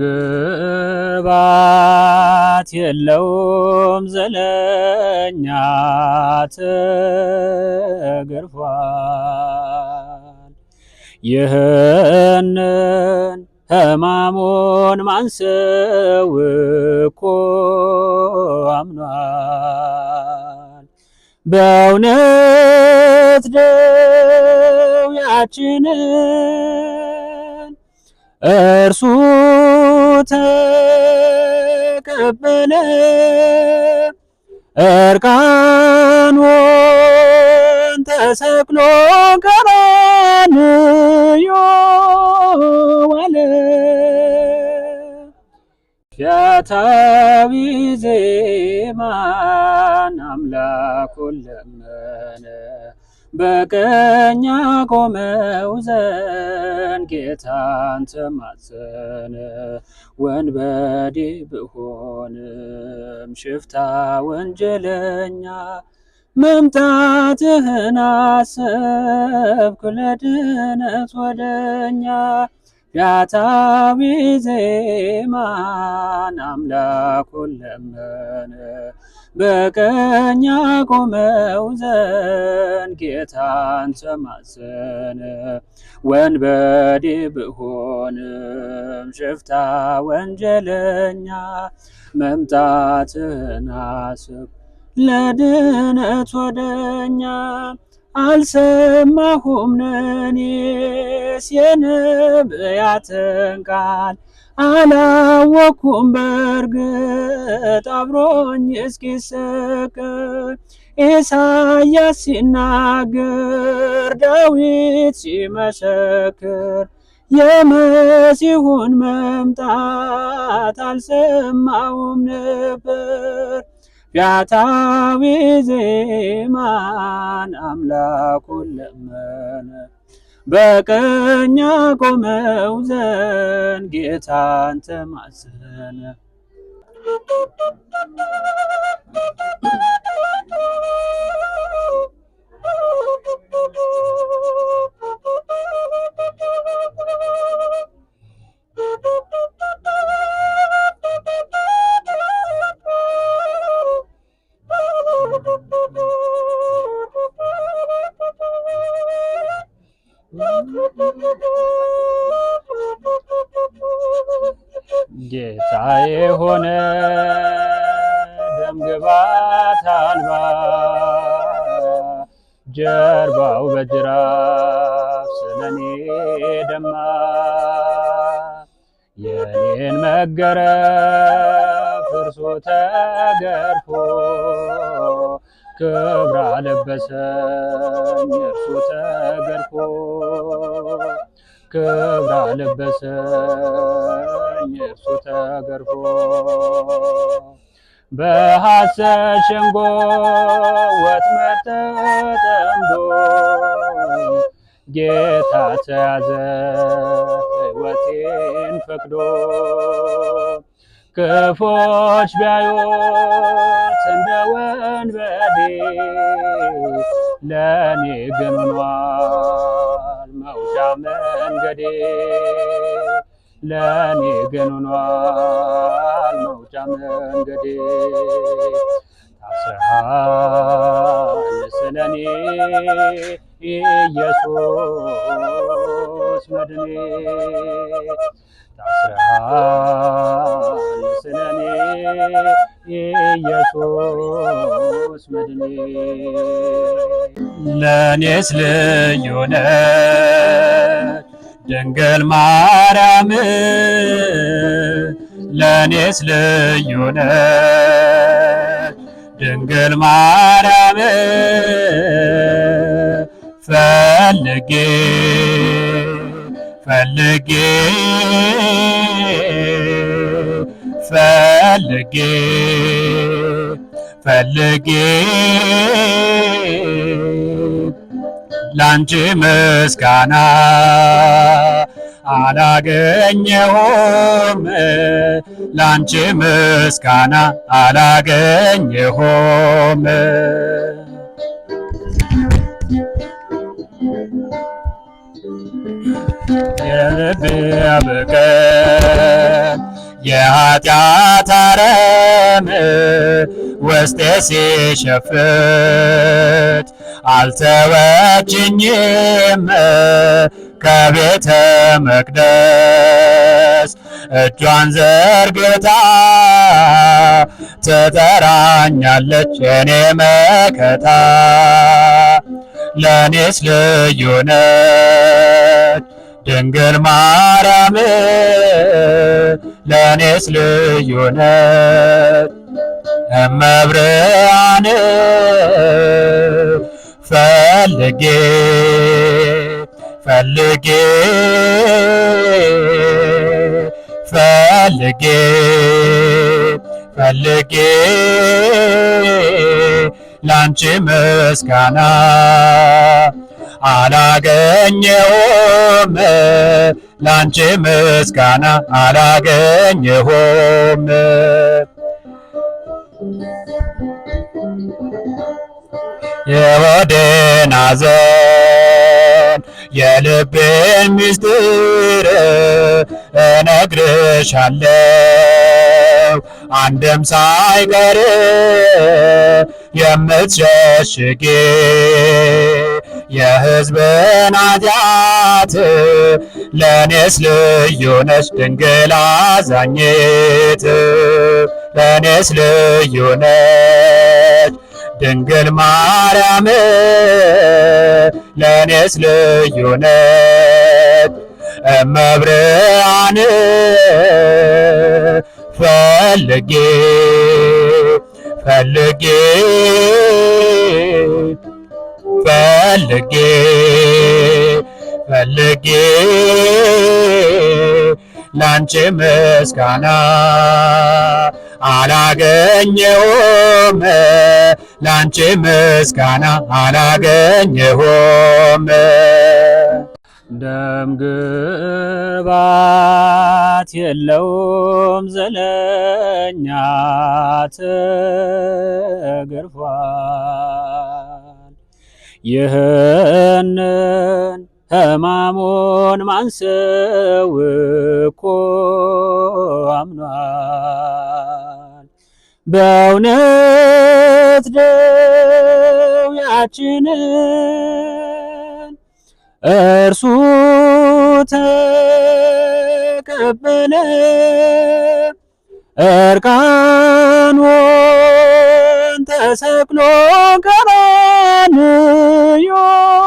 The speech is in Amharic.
ግባት የለውም ዘለኛ ተገርፏል። ይህንን ሕማሙን ማንሰው እኮ አምኗል በእውነት ያችንን እርሱ ተቀበለ እርቃኑን ተሰቅሎ ቀራንዮ ዋለ ያታዊ ዜማን አምላኩን ለመነ በቀኝ አቆመው ዘንድ ጌታን ተማጸነ። ወንበዴ ብሆንም ሽፍታ ወንጀለኛ መምጣትህን አሰብኩ ለድነት ወደኛ ያታዊ ዜማን አምላኩን ለመነ በቀኝ ያቆመው ዘንድ ጌታን ተማጸነ። ወንበዴ ብሆንም ሽፍታ ወንጀለኛ መምጣትህን አስብ ለድነት ወደኛ አልሰማሁም ነኔስ የነቢያትን ቃል አላወኩም በርግጥ አብሮኝ እስኪሰክር ኢሳያስ ሲናገር ዳዊት ሲመሰክር የመሲሁን መምጣት አልሰማውም ነበር። ቢያታዊ ዜማን አምላኩን ለመነ በቀኝ ቆመው ዘንድ ጌታን ተማጸነ። ደም ግባት አልባ ጀርባው በጅራፍ ስለኔ ደማ የኔን መገረፍ እርሶ ተገርፎ ክብር አለበሰኝ እርሱ ተገርፎ ክብር አለበሰኝ እርሱ ተገርፎ በሐሰት ሸንጎ ወጥመድ ተጠምዶ ጌታ ተያዘ ሕይወቴን ፈቅዶ ክፎች ቢያዩት እንደ ወንበዴ ለእኔ ግን ሆኗል መውጫ መንገዴ ለኔ ግን ሆኗል መውጫ መንገዴ ታስረሃል ስለኔ ኢየሱስ መድኔ ታስረሃል ስለኔ ኢየሱስ መድኔ ለእኔስ ልዩ ነህ ድንግል ማርያም ለኔስ ልዩ ነሽ ድንግል ማርያም ፈልጌ ፈልጌ ፈልጌ ፈልጌ ላንቺ ምስጋና አላገኘሁም ላንቺ ምስጋና አላገኘሁም። የልቤ አበቀ የኃጢአት አረም ውስጤ ሲሸፍት አልተወችኝም ከቤተ መቅደስ እጇን ዘርግታ ትጠራኛለች የኔ መከታ ለእኔስ ልዩ ነው ድንግል ማርያም ለእኔስ ልዩነት እመብርሃን ፈልጌ ፈልጌ ፈልጌ ፈልጌ ላንቺ ምስጋና አላገኘሁም ላንቺ ምስጋና አላገኘሁም። የወዴን አዘን የልቤን ምስጢር እነግርሻለሁ አንድም ሳይቀር የምትሸሽጌ የሕዝብን ኃጢአት ለእኔስ ልዩ ነሽ ድንግል አዛኝት ለእኔስ ልዩ ነሽ ድንግል ማርያም ለእኔስ ልዩ ነሽ እመብርሃን ፈልጌ ፈልጌ ፈልጌ ፈልጌ ላንቺ ምስጋና አላገኘሁም ላንቺ ምስጋና አላገኘሁም። ደምግባት የለውም ዘለኛ ተገርፏል ይህንን ሕማሙን ማንሰው እኮ አምኗል። በእውነት ደዌያችንን እርሱ ተቀበለ፣ እርቃኑን ተሰቅሎ Emmanuel.